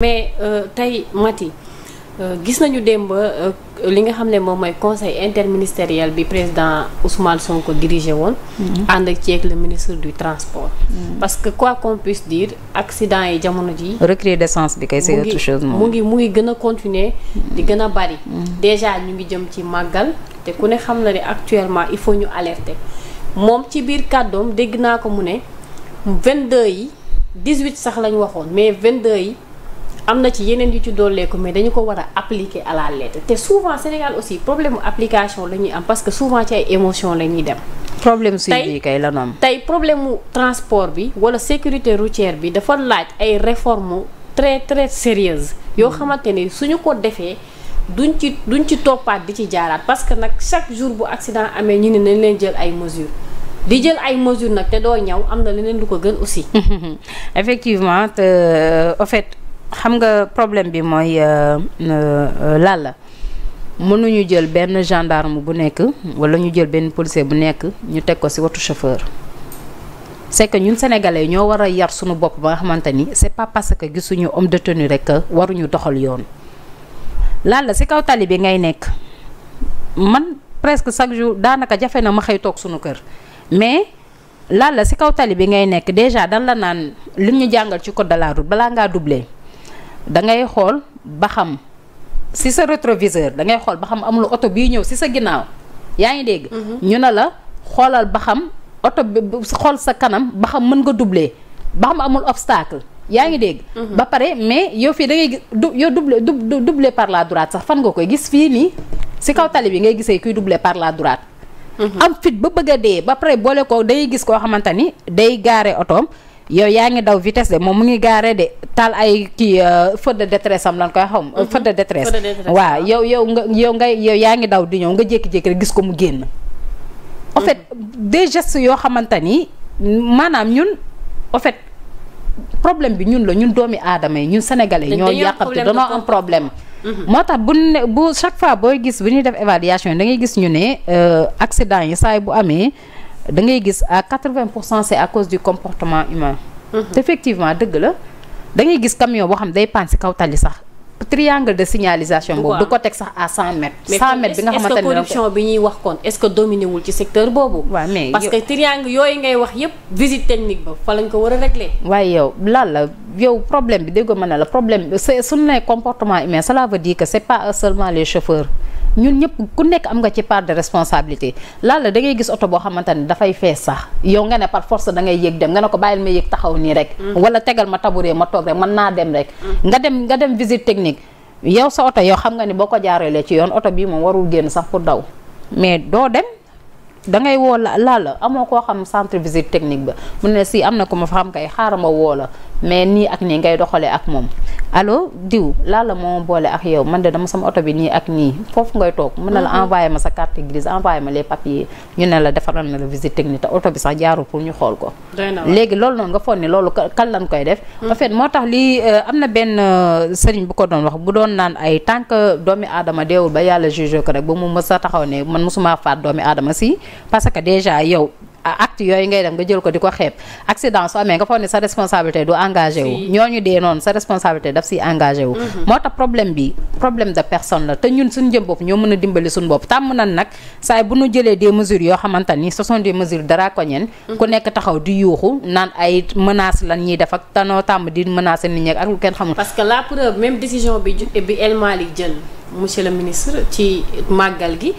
mais euh, tey Mati euh, gis nañu démb euh, li nga xam ne moom mooy conseil interministériel bi président Ousmane ko dirigé woon. Mm-hmm. ànd ak ceeg le ministre du transport. Mm-hmm. parce que quoi qu'on puisse dire accident yi jamono ji recrudescence bi kay c'est autre chose mu ngi mu ngi gën a continuer mm-hmm. di gën a bari. déjà ñu ngi jëm ci màggal te ku ne xam na ne actuellement il faut ñu alerter moom ci biir kàddoom dégg naa ko mu ne 22 yi 18 sax lañ waxoon mais 22 yi. am na ci yeneen yu ci dooleeku mais dañu ko war a appliquer à la lettre te souvent Sénégal aussi problème application la ñuy am parce que souvent ci ay émotion la ñuy dem. problème suivi kay la noonu. tey problème mu transport bi wala sécurité routière bi dafa laaj ay réforme très très sérieuses yoo xamante ne suñu ko defee. duñ ci duñ ci toppaat di ci jaaraat parce que nag chaque jour bu accident amee ñu ne nañ leen jël ay mesures di jël ay mesures nag te doo ñaw am na leneen lu ko gën aussi. effectivement te euh, fait. xam nga problème bi mooy euh, euh, Lalla mënuñu jël benn gendarme bu nekk wala ñu jël benn policier bu nekk ñu teg ko ci watu chauffeur c'est que ñun sénégalais ñoo war a yar suñu bopp ba nga xamante ni c'est pas parce que gisuñu homme de tenue rek waruñu doxal yoon Lalla ci kaw tali bi ngay nekk man presque chaque jour daanaka jafe na ma xëy toog suñu kër mais Lalla ci kaw tali bi ngay nekk déjà dan la naan lim ñu jàngal ci code de la route balaa ngaa doubler. da ngay xool ba xam si sa rétroviseur da ngay xool ba xam amul oto bii ñëw si sa ginnaaw yaa ngi dégg. Mhm. ñu ne la xoolal ba xam oto bi xool sa kanam ba xam mën nga doubler ba xam amul obstacle. yaa ngi dégg. Mhm. ba pare mais yow fii da ngay gis du yow doublé doublé par la droite sax fan nga koy gis fii nii si kaw tali bi ngay gisee kuy doublé par la droite. Mhm. am fit ba bëgg a dee ba pare boole ko day gis koo xamante ni day gaare otoom. yow yaa ngi daw vitesse de moom mu ngi gaaree de taal ay kii euh, feu de détresse am lan koy xam. Mhm. feu de détresse waaw yow yow nga yow ngay yow yaa ngi daw di ñëw nga jékki-jékki rek gis ko mu génn. en fait mhm. yoo xamante ni maanaam ñun en fait problème bi ñun la ñun doomi aadama yi ñun sénégalais. ñoo yàqante danoo am problème. Mhm. moo tax bu ne bu chaque fois booy gis bu ñuy def évaluation da ngay gis ñu ne euh, accident yi saay bu amee. da ngay gis à 80 pour cent c'est à cause du comportement humain. Mmh. effectivement dëgg la da ngay gis camion boo xam day paan si kaw tali sax. triangle de signalisation boobu du ko teg sax à 100 mètres. 100 mètres bi nga xam xamante ne pollution bi ñuy wax kon est-ce que dominé wul ci secteur boobu. waaw mais parce que triangle yooyu ngay wax yépp visite technique ba fa lañ ko war a régler. waaye yow lan la yow problème bi déggoo ma ne la problème bi c'est suñu comportement humain cela veut dire que c'est pas ñun ñëpp ku nekk am nga ci part de responsabilité laala da ngay gis oto boo xamante ne dafay fees sax yow nga ne par force da ngay yéeg dem nga ne ko bàyyil ma yéeg taxaw nii rek mm. wala tegal ma taburee ma toog rek mën naa dem rek mm. nga dem nga dem visite technique yow sa oto yow xam nga ni boo ko jaareelee ci yoon oto bii moom warul génn sax pour daw mais doo dem dangay woo la la amoo koo xam centre visite technique ba mu ne si am na ko ma fa xam kay xaaral ma woo la mais nii ak nii ngay doxalee ak moom allo diw laa la moo boole ak yow man de dama sama oto bi nii ak nii foofu ngay toog mën na la mm-hmm. envoyé ma sa carte grise envoyé ma les papiers ñu ne la defaral na la visite technique te oto bi sax jaarul pour ñu xool ko léegi loolu noonu nga foog ne loolu kan lañ koy def mm-hmm. en fait moo tax lii euh, am na benn euh, sëriñ bu ko doon wax bu doon naan ay tant que doomi aadama deewul ba yàlla juge ko rek ba mu mës a taxaw ne man mosuma faat doomi aadama si parce que déjà yow acte yooyu ngay dem nga jël ko di ko xeeb accident su amee nga foog ne sa responsabilité du engagé wu ñu dee noonu sa responsabilité daf si engagé wu mhm. moo tax problème bi problème de personne la te ñun suñu jëm bopp ñoo mën a dimbali suñu bopp tàmm nan nag saay bu ñu jëlee des mesures yoo xamante ni ce sont des ko draconiennes mhm. ku nekk taxaw di yuuxu naan ay menaces lan ñuy def ak tanoo tàmm di menacer nit ñi ak lu kenn xamul parce que la preuve même décision bi bi El Malick jël monsieur le ministre ci màggal gi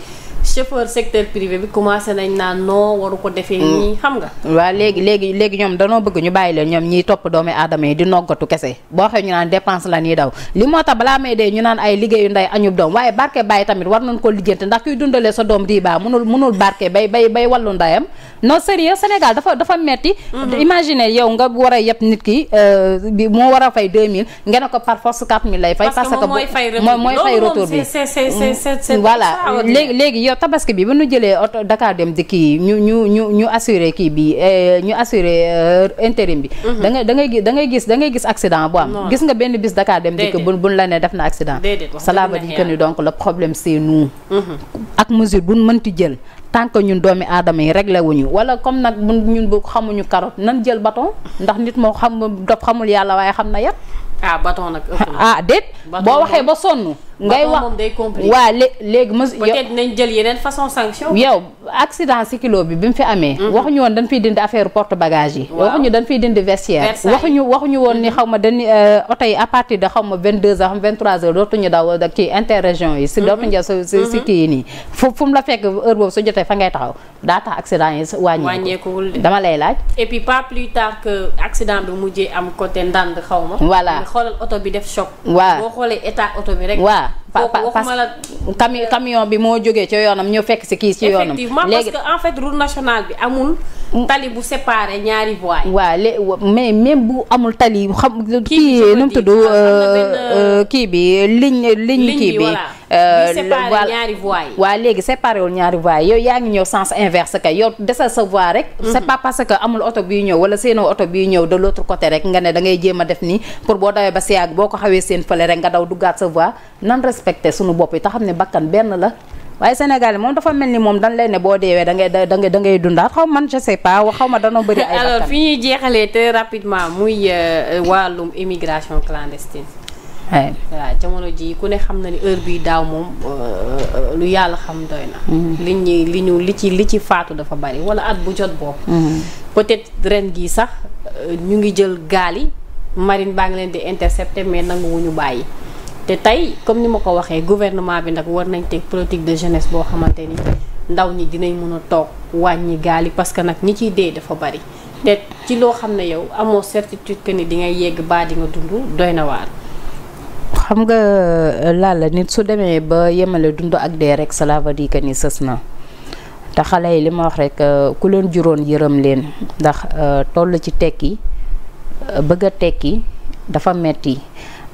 chauffeur secteur privé bi commencé nañ naan noo waru ko defee mm. nii xam nga waaw léegi léegi ñoom danoo bëgg ñu bàyyi leen ñoom ñiy topp doomi aadama yi di noggatu kese boo xee ñu naan dépense la ñuy daw li moo tax balaa may dee ñu naan ay liggéeyu ndey añub doom waaye barke bàyyi tamit war nañ ko lijjanti ndax kuy dundalee sa doom di baa munul munul barke bay bay bay wàllu ndeyam non sérieux Sénégal dafa dafa metti mm-hmm. imagine yow nga war a nit ki euh, bi moo war a fay 2000 nga ne ko par force 4000 lay fay parce que mooy fay retour tabaski bi ba nu jëlee oto Dakar dem dikk yi ñu ñu ñu ñu assuré kii bi eh, ñu assuré eh, intérim bi. Mhm. da ngay da ngay da ngay gis da ngay gis accident bu am. gis nga benn bis Dakar dem dikk bu bu la ne def na accident. déedéet wax cela veut ni donc la problème see nous. Mhm. ak mesure bu nu mënti jël. tant que ñun doomi aadama yi réglé ñu wala comme nag bu ñun bu xamuñu carotte nan jël bâton ndax nit moo xam dof xamul yàlla waaye xam na yàpp ah bâton nag ah déet. boo waxee ba sonn. ngay wax waa léegi mos. peut-être nañ jël yeneen façon sanction. yow accident si kilo bi bi mu fi amee. Mhm. waxuñu woon dañ fiy dindi affaire porte bagage yi. ñu dañ fiy dindi ñu wax waxuñu woon ni mhm. xaw ma dañuy euh, oto yi à partir de xaw ma 22 heures 23 heures dootuñu daw kii interrégion yi. si mhm. dootuñu si si si kii yi nii. fu fu mu la fekk heure boobu su jotee fa ngay taxaw daa tax accident yi wàññeeku dama lay laaj. et puis pas plus tard que accident bi mujjee am côté ndànd xaw ma. voilà. xoolal oto bi def choc. waa boo xoolee état oto bi rek. waaw waxuma la camion camion bi moo jógee ci yoonam ñëw fekk si kii ci yoonam. léegi effectivement parce que en fait route nationale bi amul. tali bu séparé ñaari voies yi. waaw lé mais même bu amul tali xam. kii bi nu mu tudd euh, euh, kii bi ligne ligne kii bi. li euh, séparé ñaari voies yi. léegi séparé wul ñaari voies yi yaa ngi ñëw sens inverse kay yow desal sa voie rek. Mhm. c'est pas parce que amul oto biy ñëw wala seen oto biy ñëw de l'autre côté rek nga ne da ngay jéem a def nii pour boo dawee ba si yàgg boo ko xawee seen fële rek nga daw duggaat sa voie nan respecté sunu bopp yi te xam ne bakkan benn la. waaye Sénégal moom dafa mel ni moom dañ lay ne boo deewee da ngay da ngay da ngay dundaat xaw man je sais pas xaw ma danoo bëri. ay alors fi ñuy jeexalee te rapidement muy euh, euh, wàllum immigration clandestine. waaw jamono ji ku ne xam na ni heure bi daaw moom euh, lu yàlla xam doy na. Mm-hmm. li ñuy li ñu li ci li ci faatu dafa bari wala at bu jot boobu. Mm-hmm. peut ren gi sax ñu ngi jël gaal yi marine baa ngi leen di intercepter mais ñu bàyyi. te tey comme ni ma ko waxee gouvernement bi nag war nañ teg politique de jeunesse boo xamante ni ndaw ñi dinañ mën a toog wàññi gaal yi parce que nag ñi ciy dee dafa bari te ci loo xam ne yow amoo certitude que ni di ngay yegg baa di nga dund doy na waar. xam nga euh, laala nit su demee ba yemale dund ak dee rek cela veut dire que ni sës na te xale yi li ma wax rek euh, ku leen juróon yërëm leen ndax euh, toll ci tekki bëgg a tekki dafa metti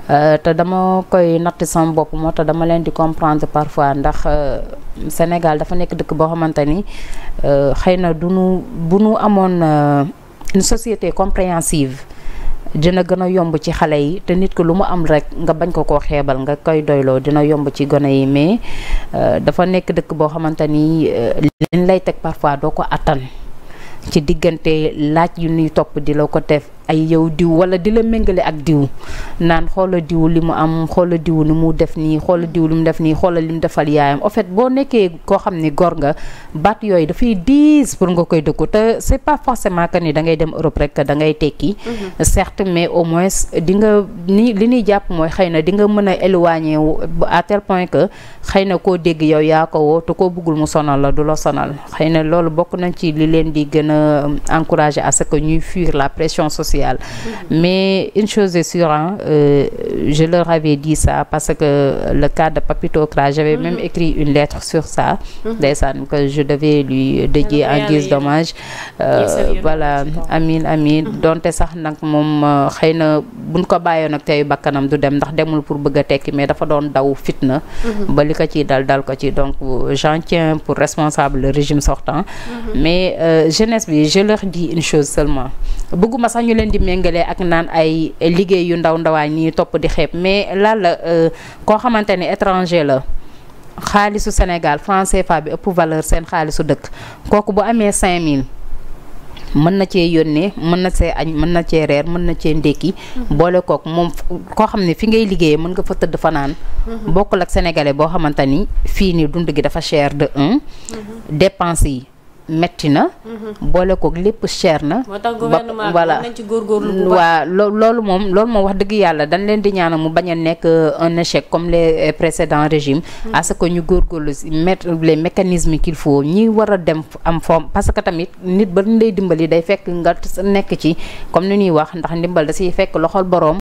Euh, te dama koy natt sama bopp moo tax dama leen di comprendre parfois ndax euh, Sénégal dafa nekk dëkk boo xamante ni euh, xëy na du nu bu nu amoon une société compréhensive dina gën a yomb ci xale yi te nit ko lu mu am rek nga bañ ko ko xeebal nga koy doyloo dina yomb ci gone yi mais dafa nekk dëkk boo xamante ni liñ lay teg parfois doo ko attan ci diggante laaj yu ñuy topp di la ko def ay yow diw wala di la méngale ak diw naan xoola diw li mu am xoola diw li mu def nii xoola diw li mu def nii xoola li mu defal yaayam en fait boo nekkee koo xam ni gor nga baat yooyu dafay diis pour nga koy dëkku te c'est pas forcément que ni da ngay dem Europe rek dangay ngay tekki. Mm-hmm. certes mais au moins di nga ni li nuy jàpp mooy xëy na di nga mën a éloigné wu à tel point que xëy na koo dégg yow yaa ko wootu ko buggul mu sonal la du la sonal xëy na loolu bokk nañ ci li leen di gën a encourager à que ñuy fuir la pression sociale. sociale. Mais une chose est sûre, hein, euh, je leur avais dit ça parce que le cas de Papito Kra, j'avais même mhm. écrit une lettre sur ça, mhm. ndeysaan que je devais lui dédier en guise domage Euh, euh voilà amiin amiin mhm. donte sax nag moom euh, xëy na buñ ko bàyyoon ak tey bakkanam du dem ndax demul pour bëgg a tekki mais dafa doon daw fitna. ba li ko ci dal dal ko ci donc j'en tiens pour responsable le régime sortant. mais euh, jeunesse bi je leur dis une chose seulement bëgguma sax ñu leen leen di méngalee ak naan ay liggéey yu ndaw ndawaan ñuy topp di xeeb mais lan la euh, koo xamante ne étranger la xaalisu Sénégal français CFA bi ëpp valeur seen xaalisu dëkk kooku bu amee 5000. mën na cee yónnee mën na see añ mën na cee reer mën na cee ndékki mhm. boole kook moom koo xam ne fi ngay liggéeyee mën nga fa tëdd fanaan mhm. bokkul ak sénégalais boo xamante ni fii nii dund gi dafa chair de un mhm. dépense yi metti na. Mhm. boole koog lépp cher na. moo voilà nañ ci góorgóorlu bu waa loolu moom loolu moom wax dëgg yàlla dañ leen di ñaana mu bañ a nekk euh, un échec comme les euh, précédents régimes. Mhm. à ce que ñu góorgóorlu si mettre les mécanisme qu'il faut ñi war a dem am forme parce que tamit nit ba ñu lay dimbali day fekk nga nekk ci comme ni ñuy wax ndax ndimbal da siy fekk loxol boroom.